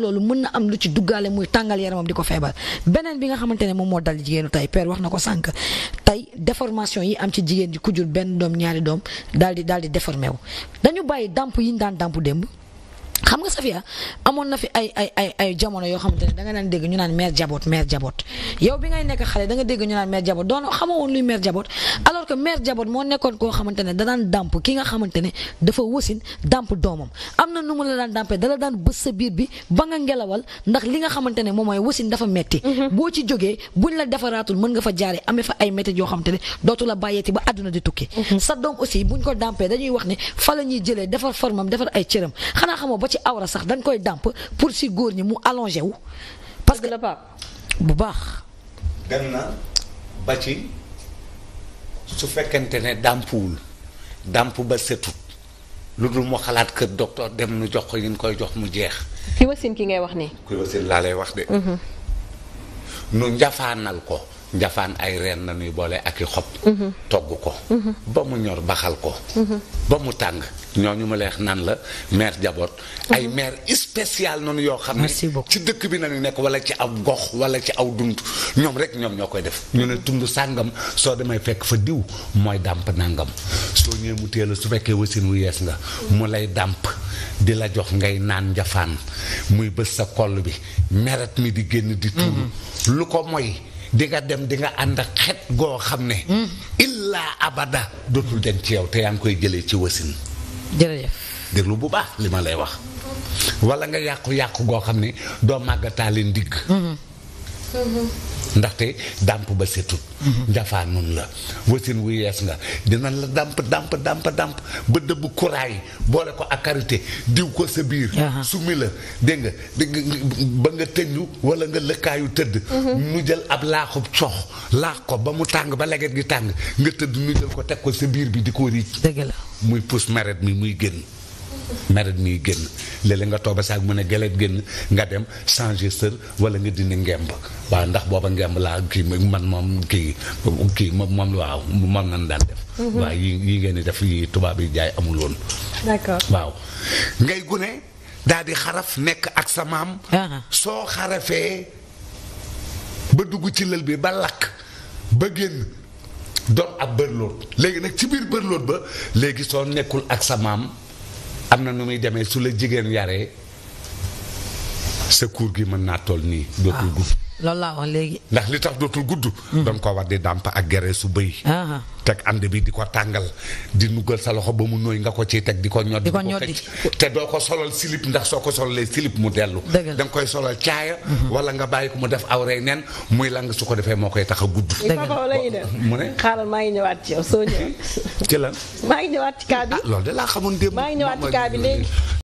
loolu mën na am lu ci duggaale muy tàngal yaramam di ko feebar beneen bi nga xamante ne moom moo dal jigéenu tey père wax na ko sànq tey déformation yi am ci jigéen ji ku jur benn doom ñaari doom daal di daal di déformé wu dañu bàyyi dàmp yi ñu daan dàmp démb xam nga Safia amoon na fi ay ay ay jamono yoo xamante ne da nga dégg ñu naan mère jaboot mère jaboot yow bi ngay nekk xale da nga dégg ñu naan mère jaboot doon xamoo woon luy mère jaboot alors que mère jaboot moo nekkoon koo xamante ne da daan dàmp ki nga xamante ne dafa wasin dàmp doomam am na nu mu la daan dàmpee dala daan bës sa biir bi ba nga ngelawal ndax li nga xamante ne moom mooy wasin dafa metti mhm. boo ci jógee buñ la defaraatul mën nga fa jaaree amee fa ay métti yoo xamante ne dootu la bàyyeeti ba àdduna di tukki mhm. sa doom aussi buñ ko dàmpee dañuy wax ne fa la ñuy jëlee defar formam defar ay cëram xanaa xamoo awra sax dañ koy dàmp pour si góor ñi mu allongé wu. parce que bu baax. dem na ba ci su fekkente ne dàmpuwul dàmp ba setut lu dul mu xalaat kër docteur dem nu jox ko ñu koy jox mu jeex. ki wasin ki ngay wax nii. ki wasin laa lay wax de. Mhm. nu njafaanal ko. njafaan ay reen na nuy boole ak i xob mhm. togg ko mhm. ba mu ñor baxal ko mhm. ba mu tàng ñoo ñooñu ma leex naan la maire jaboot ay maire spécial noonu yoo xam ne ci dëkk bi nañu nekk wala ci aw gox wala ci aw dund ñoom rek ñoom ñoo koy def ñu ne tund sàngam soo demay fekk fa diw mooy dàmp nangam soo ñëwee mu téela su fekkee wasin wu yees nga mu lay dàmp di la jox ngay naan njafaan muy bës sa koll bi meret mi di génn di tuuru lu ko moy di nga dem di nga ànd ak xet goo xam ne. Hmm. illaa abada dootul dem ci yow te yaa ngi koy jëlee ci wasin. jërëjëf. déglu bu baax li ma lay wax. wala nga yàqu yàqu goo xam ne doo màggataa màggataaleen digg. Hmm. Hmm. ndaxte dàmp ba setut mhm. njafaa nun la wasin wu yees nga dinañ la dàmp dàmp dàmp dàmp ba dëbb kuraay boole ko ak karité diw ko sa biir sumi la dégg nga ba nga tëñu wala nga lëkkaayu tëdd mhm. mu jël ab laaxub cox laax ko ba mu tàng ba leget gi tàng nga tëdd nu jël ko teg ko sa biir bi di ko riic dëgg la muy pousse meret mi muy génn meret mi génn léeg-léeg nga tooba saak mu a gelet génn nga dem changer sër wala nga dindi ngemb waaw ndax booba ngemb laa kii man moom kii kii moom waaw moom daan def mhm. waaw yi yi ngeen di def yi tubaab yi jaay amul woon d'accord waaw ngay gune daal di xaraf nekk ak sa maam ah. soo xarafee ba dugg ci lël bi ba lakk ba génn doon ab bërloot léegi nag ci biir bërloot ba léegi soo nekkul ak sa maam am na nu muy demee su la jigéen yaree sa kuur gi mën naa toll nii dootul ah. gudd loolu laa wax léegi. ndax li tax dootul gudd. Hmm. doon ko war dàmp ak gere su bëy. Ah. teg ànd bi di ko tàngal di nugal sa loxo ba mu nooy nga ko ciy teg di ko ñoddi. di ko ñoddi te doo ko solal silip ndax soo ko solalee silip mu dellu. dëgg da koy solal caaya. Hmm. wala nga bàyyi ko mu def awrey nen muy lang su ko defee moo koy tax a gudd. dëgg mu ne. xaaral maa ngi ñëwaat ci yow soo ñëwee. ci maa ngi ñëwaat ci kaa bi. Ah, loolu de laa xamoon démb. maa ngi ñëwaat ci kaa léegi.